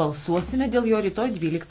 Balsuosime dėl jo rytoj 12.